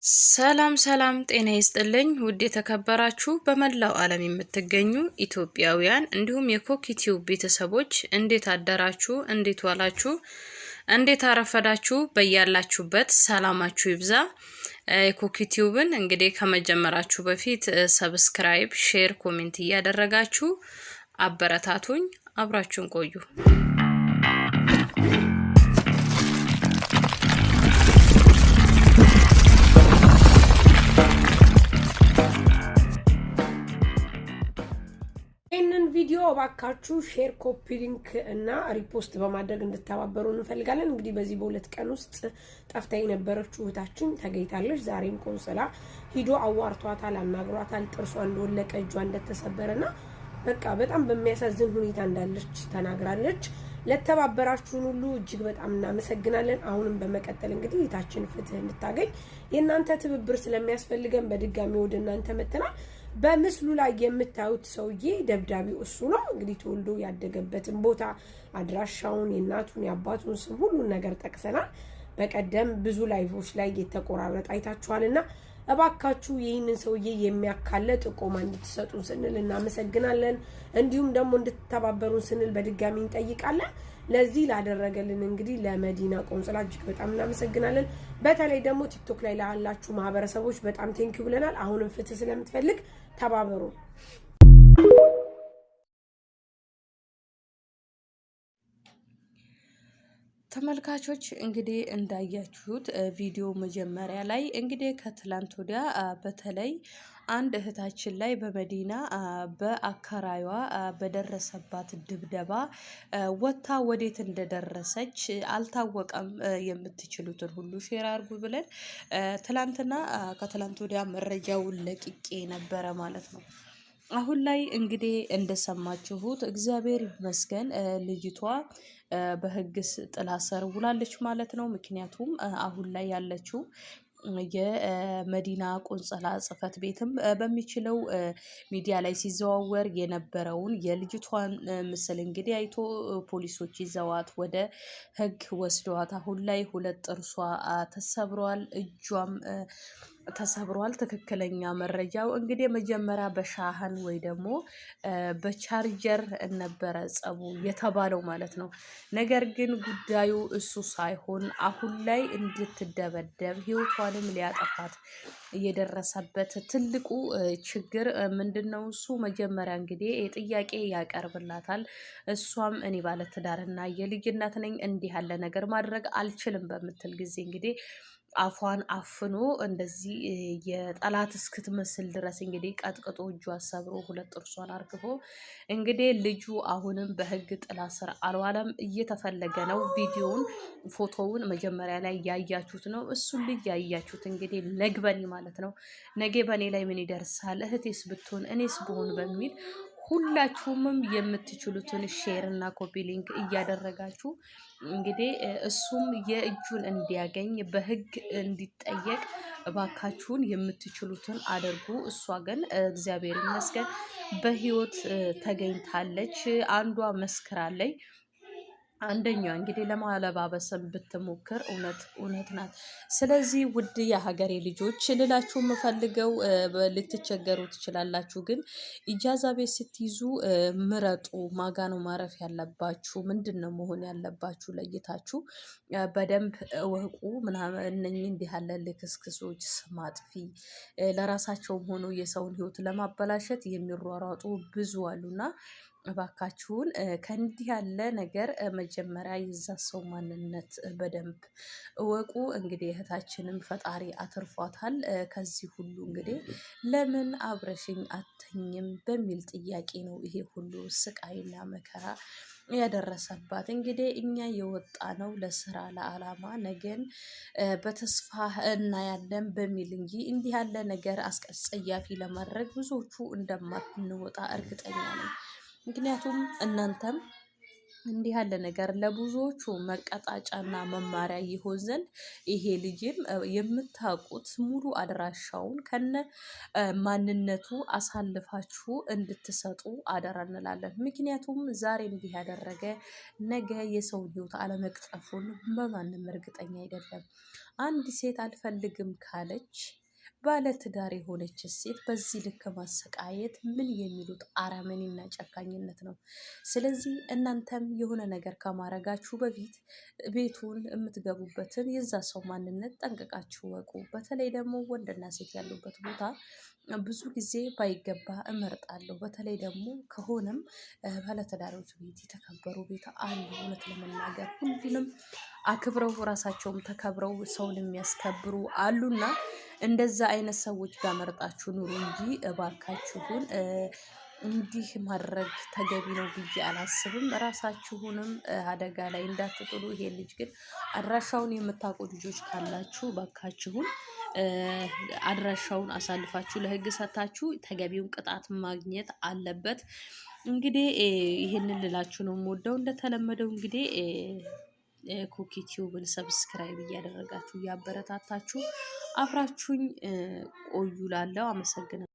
ሰላም ሰላም፣ ጤና ይስጥልኝ ውድ የተከበራችሁ በመላው ዓለም የምትገኙ ኢትዮጵያውያን እንዲሁም የኮኪቲው ቤተሰቦች እንዴት አደራችሁ? እንዴት ዋላችሁ? እንዴት አረፈዳችሁ? በያላችሁበት ሰላማችሁ ይብዛ። የኮኪቲውብን እንግዲህ ከመጀመራችሁ በፊት ሰብስክራይብ፣ ሼር፣ ኮሜንት እያደረጋችሁ አበረታቱኝ። አብራችሁን ቆዩ። ይህንን ቪዲዮ ባካችሁ ሼር፣ ኮፒ ሊንክ እና ሪፖስት በማድረግ እንድተባበሩ እንፈልጋለን። እንግዲህ በዚህ በሁለት ቀን ውስጥ ጠፍታ የነበረችው እህታችን ተገኝታለች። ዛሬም ቆንስላ ሂዶ አዋርቷታል፣ አናግሯታል። ጥርሷ እንደወለቀ እጇ እንደተሰበረና በቃ በጣም በሚያሳዝን ሁኔታ እንዳለች ተናግራለች። ለተባበራችሁን ሁሉ እጅግ በጣም እናመሰግናለን። አሁንም በመቀጠል እንግዲህ እህታችን ፍትህ እንድታገኝ የእናንተ ትብብር ስለሚያስፈልገን በድጋሚ ወደ እናንተ መጥተናል። በምስሉ ላይ የምታዩት ሰውዬ ደብዳቤው እሱ ነው። እንግዲህ ተወልዶ ያደገበትን ቦታ፣ አድራሻውን፣ የእናቱን የአባቱን ስም ሁሉን ነገር ጠቅሰናል። በቀደም ብዙ ላይቮች ላይ የተቆራረጠ አይታችኋልና እባካችሁ ይህንን ሰውዬ የሚያካለ ጥቆማ እንድትሰጡን ስንል እናመሰግናለን። እንዲሁም ደግሞ እንድትተባበሩን ስንል በድጋሚ እንጠይቃለን። ለዚህ ላደረገልን እንግዲህ ለመዲና ቆንጽላ እጅግ በጣም እናመሰግናለን። በተለይ ደግሞ ቲክቶክ ላይ ላላችሁ ማህበረሰቦች በጣም ቴንኪው ብለናል። አሁንም ፍትህ ስለምትፈልግ ተባበሩ። ተመልካቾች እንግዲህ እንዳያችሁት ቪዲዮ መጀመሪያ ላይ እንግዲህ ከትላንት ወዲያ በተለይ አንድ እህታችን ላይ በመዲና በአካራዩዋ በደረሰባት ድብደባ ወታ ወዴት እንደደረሰች አልታወቀም። የምትችሉትን ሁሉ ሼር አርጉ ብለን ትላንትና ከትላንት ወዲያ መረጃውን ለቅቄ ነበረ ማለት ነው። አሁን ላይ እንግዲህ እንደሰማችሁት እግዚአብሔር ይመስገን ልጅቷ በህግ ጥላ ስር ውላለች ማለት ነው። ምክንያቱም አሁን ላይ ያለችው የመዲና ቆንጸላ ጽህፈት ቤትም በሚችለው ሚዲያ ላይ ሲዘዋወር የነበረውን የልጅቷን ምስል እንግዲህ አይቶ ፖሊሶች ይዘዋት ወደ ህግ ወስደዋት አሁን ላይ ሁለት ጥርሷ ተሰብረዋል እጇም ተሰብሯል። ትክክለኛ መረጃው እንግዲህ መጀመሪያ በሻህን ወይ ደግሞ በቻርጀር ነበረ ጸቡ የተባለው ማለት ነው። ነገር ግን ጉዳዩ እሱ ሳይሆን አሁን ላይ እንድትደበደብ ህይወቷንም ሊያጠፋት የደረሰበት ትልቁ ችግር ምንድን ነው? እሱ መጀመሪያ እንግዲህ ጥያቄ ያቀርብላታል። እሷም እኔ ባለትዳርና የልጅነት ነኝ እንዲህ ያለ ነገር ማድረግ አልችልም በምትል ጊዜ እንግዲህ አፏን አፍኖ እንደዚህ የጠላት እስክትመስል ድረስ እንግዲህ ቀጥቅጦ እጁ አሰብሮ ሁለት ጥርሷን አርግፎ እንግዲህ ልጁ አሁንም በህግ ጥላ ስር አልዋለም፣ እየተፈለገ ነው። ቪዲዮውን ፎቶውን መጀመሪያ ላይ ያያችሁት ነው። እሱን ልጅ ያያችሁት እንግዲህ ነግበኔ ማለት ነው። ነገ በኔ ላይ ምን ይደርሳል፣ እህቴስ ብትሆን፣ እኔስ ብሆን በሚል ሁላችሁምም የምትችሉትን ሼር እና ኮፒ ሊንክ እያደረጋችሁ እንግዲህ እሱም የእጁን እንዲያገኝ በህግ እንዲጠየቅ እባካችሁን የምትችሉትን አድርጉ። እሷ ግን እግዚአብሔር ይመስገን በህይወት ተገኝታለች። አንዷ መስክራለች። አንደኛ እንግዲህ ለማለባበስም ብትሞክር እውነት እውነት ናት። ስለዚህ ውድ የሀገሬ ልጆች ልላችሁ የምፈልገው ልትቸገሩ ትችላላችሁ፣ ግን ኢጃዛ ቤት ስትይዙ ምረጡ። ማጋ ነው ማረፍ ያለባችሁ፣ ምንድን ነው መሆን ያለባችሁ ለይታችሁ በደንብ እወቁ። ምናምን እንዲህ ያለ ልክስክሶች፣ ስም አጥፊ ለራሳቸውም ሆኖ የሰውን ህይወት ለማበላሸት የሚሯሯጡ ብዙ አሉና እባካችሁን ከእንዲህ ያለ ነገር መጀመሪያ የዛ ሰው ማንነት በደንብ እወቁ። እንግዲህ እህታችንም ፈጣሪ አትርፏታል። ከዚህ ሁሉ እንግዲህ ለምን አብረሽኝ አተኝም በሚል ጥያቄ ነው ይሄ ሁሉ ስቃይና መከራ ያደረሰባት እንግዲህ እኛ የወጣ ነው ለስራ ለዓላማ ነገን በተስፋ እናያለን በሚል እንጂ እንዲህ ያለ ነገር አስቀጸያፊ ለማድረግ ብዙዎቹ እንደማንወጣ እርግጠኛ ነኝ። ምክንያቱም እናንተም እንዲህ ያለ ነገር ለብዙዎቹ መቀጣጫና መማሪያ ይሆን ዘንድ ይሄ ልጅም የምታውቁት ሙሉ አድራሻውን ከነ ማንነቱ አሳልፋችሁ እንድትሰጡ አደራ እንላለን። ምክንያቱም ዛሬ እንዲህ ያደረገ ነገ የሰው ሕይወት አለመቅጠፉን በማንም እርግጠኛ አይደለም። አንድ ሴት አልፈልግም ካለች ባለትዳር የሆነች ሴት በዚህ ልክ ማሰቃየት ምን የሚሉት አረመኔና ጨካኝነት ነው? ስለዚህ እናንተም የሆነ ነገር ከማረጋችሁ በፊት ቤቱን የምትገቡበትን የዛ ሰው ማንነት ጠንቅቃችሁ ወቁ። በተለይ ደግሞ ወንድና ሴት ያሉበት ቦታ ብዙ ጊዜ ባይገባ እመርጣለሁ። በተለይ ደግሞ ከሆነም ባለትዳሮች ቤት የተከበሩ ቤት አሉ። እውነት ለመናገር ሁሉንም አክብረው ራሳቸውም ተከብረው ሰውን የሚያስከብሩ አሉና እንደዛ አይነት ሰዎች ጋር መርጣችሁ ኑሩ እንጂ እባካችሁን እንዲህ ማድረግ ተገቢ ነው ብዬ አላስብም። ራሳችሁንም አደጋ ላይ እንዳትጥሉ። ይሄ ልጅ ግን አድራሻውን የምታውቁ ልጆች ካላችሁ ባካችሁን አድራሻውን አሳልፋችሁ ለሕግ ሰታችሁ ተገቢውን ቅጣት ማግኘት አለበት። እንግዲህ ይህንን ልላችሁ ነው የምወደው። እንደተለመደው እንግዲህ ኩኪ ቲዩብን ሰብስክራይብ እያደረጋችሁ እያበረታታችሁ አብራችሁኝ ቆዩ ላለው አመሰግናለሁ።